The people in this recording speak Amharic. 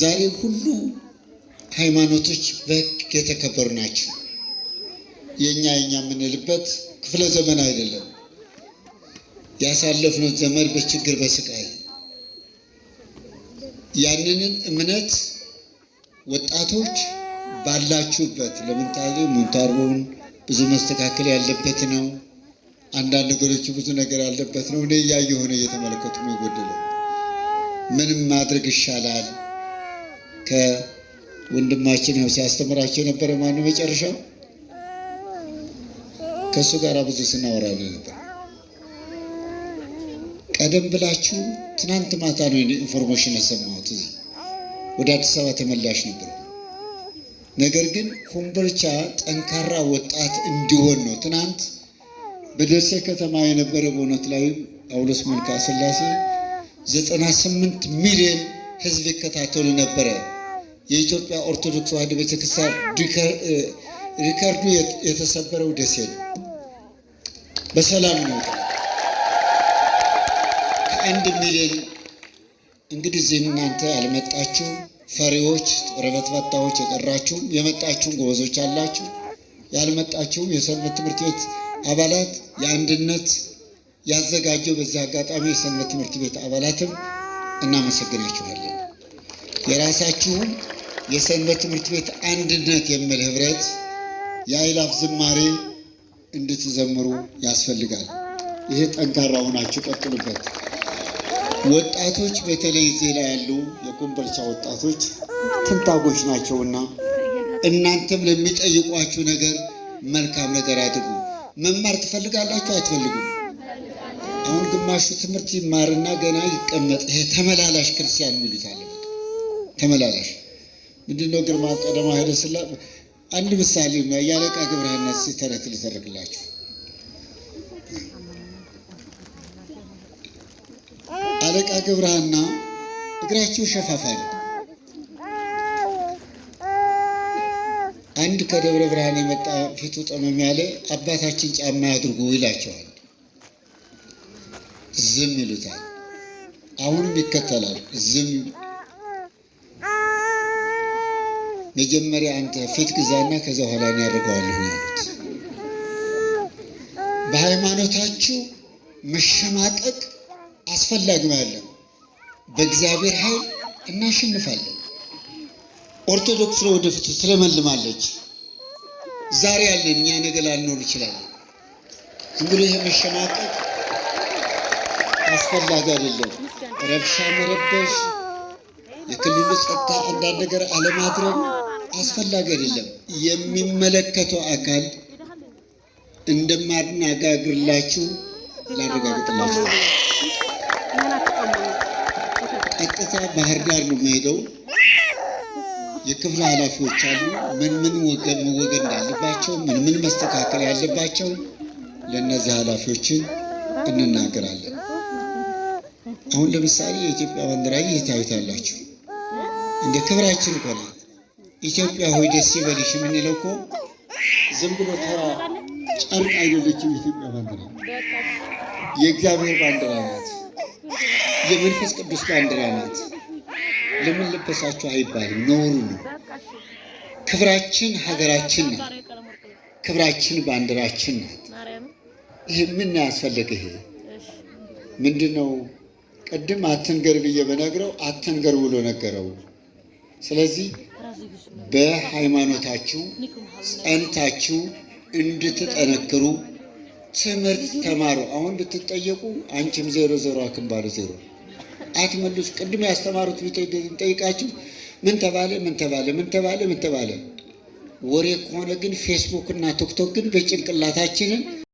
ዛሬ ሁሉ ሃይማኖቶች በህግ የተከበሩ ናቸው። የእኛ የኛ የምንልበት ክፍለ ዘመን አይደለም። ያሳለፍነው ዘመን በችግር በስቃይ ያንንን እምነት ወጣቶች ባላችሁበት ለምንታዜ ሙንታርቦን ብዙ መስተካከል ያለበት ነው። አንዳንድ ነገሮች ብዙ ነገር ያለበት ነው። እኔ እያየሁ ነው፣ እየተመለከቱ ነው። የጎደለው ምንም ማድረግ ይሻላል ከወንድማችን ያው ሲያስተምራቸው የነበረ ማነው መጨረሻው ከእሱ ጋር ብዙ ስናወራ ነበር። ቀደም ብላችሁ ትናንት ማታ ነው ኢንፎርሜሽን የሰማሁት። እዚህ ወደ አዲስ አበባ ተመላሽ ነበር። ነገር ግን ኮምቦልቻ ጠንካራ ወጣት እንዲሆን ነው። ትናንት በደሴ ከተማ የነበረ በእውነት ላይ ጳውሎስ መልካ ስላሴ ዘጠና ስምንት ሚሊዮን ህዝብ ይከታተሉ ነበረ። የኢትዮጵያ ኦርቶዶክስ ተዋህዶ ቤተክርስቲያን ሪከርዱ የተሰበረው ደሴ ነው። በሰላም ነው ከአንድ ሚሊዮን እንግዲህ እዚህ እናንተ ያልመጣችሁ ፈሪዎች፣ ረበትበታዎች የቀራችሁም የመጣችሁም ጎበዞች አላችሁ። ያልመጣችሁም የሰንበት ትምህርት ቤት አባላት የአንድነት ያዘጋጀው በዚህ አጋጣሚ የሰንበት ትምህርት ቤት አባላትም እናመሰግናችኋለን የራሳችሁም የሰንበት ትምህርት ቤት አንድነት የሚል ህብረት የአይላፍ ዝማሬ እንድትዘምሩ ያስፈልጋል። ይሄ ጠንካራ ሆናችሁ ቀጥሉበት። ወጣቶች በተለይ እዚህ ላይ ያሉ የኮምቦልቻ ወጣቶች ትንታጎች ናቸውና እናንተም ለሚጠይቋችሁ ነገር መልካም ነገር አድርጉ። መማር ትፈልጋላችሁ አትፈልጉም? አሁን ግማሹ ትምህርት ይማርና ገና ይቀመጥ። ይሄ ተመላላሽ ክርስቲያን የሚሉት አለበት ተመላላሽ ምንድነው ግርማ ቀደማ ሄደ ስላ አንድ ምሳሌ ነው። ያለቃ ግብርሃና ሲተረት ልተርክላችሁ። አለቃ ግብርሃና እግራቸው ሸፋፋ ነው። አንድ ከደብረ ብርሃን የመጣ ፊቱ ጠመም ያለ አባታችን ጫማ ያድርጉ ይላቸዋል። ዝም ይሉታል። አሁንም ይከተላል። ዝም መጀመሪያ አንተ ፊት ግዛና ከዛ በኋላ እኔ አድርገዋለሁ ያሉት። በሃይማኖታችሁ መሸማቀቅ አስፈላጊ ማለት በእግዚአብሔር ኃይል እናሸንፋለን። ኦርቶዶክስ ነው ወደፊት ትለመልማለች። ዛሬ ያለን እኛ ነገ ላልኖር ይችላለን። እንግዲህ ይህ መሸማቀቅ አስፈላጊ አይደለም። ረብሻ መረበሽ፣ የክልሉ ጸጥታ አንዳንድ ነገር አለማድረግ አስፈላጊ አይደለም። የሚመለከተው አካል እንደማናጋግርላችሁ ላረጋግጥላችሁ ቀጥታ ባህር ዳር ነው የምሄደው። የክፍል ኃላፊዎች አሉ። ምን ምን ወገን መወገድ እንዳለባቸው፣ ምን ምን መስተካከል ያለባቸው ለእነዚህ ኃላፊዎችን እንናገራለን። አሁን ለምሳሌ የኢትዮጵያ ባንዲራ ይህ እንደ ክብራችን ይቆላል። ኢትዮጵያ ሆይ ደስ ይበልሽ የምንለው እኮ ዝም ብሎ ተራ ጨርቅ አይደለችም። ኢትዮጵያ ባንዲራ የእግዚአብሔር ባንዲራ ናት። የመንፈስ ቅዱስ ባንዲራ ናት። ለምን ልበሳችሁ አይባልም፣ ኖሩ ነው። ክብራችን ሀገራችን ናት። ክብራችን ባንዲራችን ናት። ይህ ምን ያስፈልግ? ይሄ ምንድን ነው? ቅድም አትንገር ብዬ በነግረው አትንገር ብሎ ነገረው። ስለዚህ በሃይማኖታችሁ ጸንታችሁ እንድትጠነክሩ ትምህርት ተማሩ። አሁን ብትጠየቁ አንቺም ዜሮ ዜሮ አክም ዜሮ አትመልሱ። ቅድም ያስተማሩት ጠይቃችሁ ምን ተባለ ምን ተባለ ምን ተባለ ምን ተባለ ወሬ ከሆነ ግን ፌስቡክ እና ቲክቶክ ግን በጭንቅላታችንን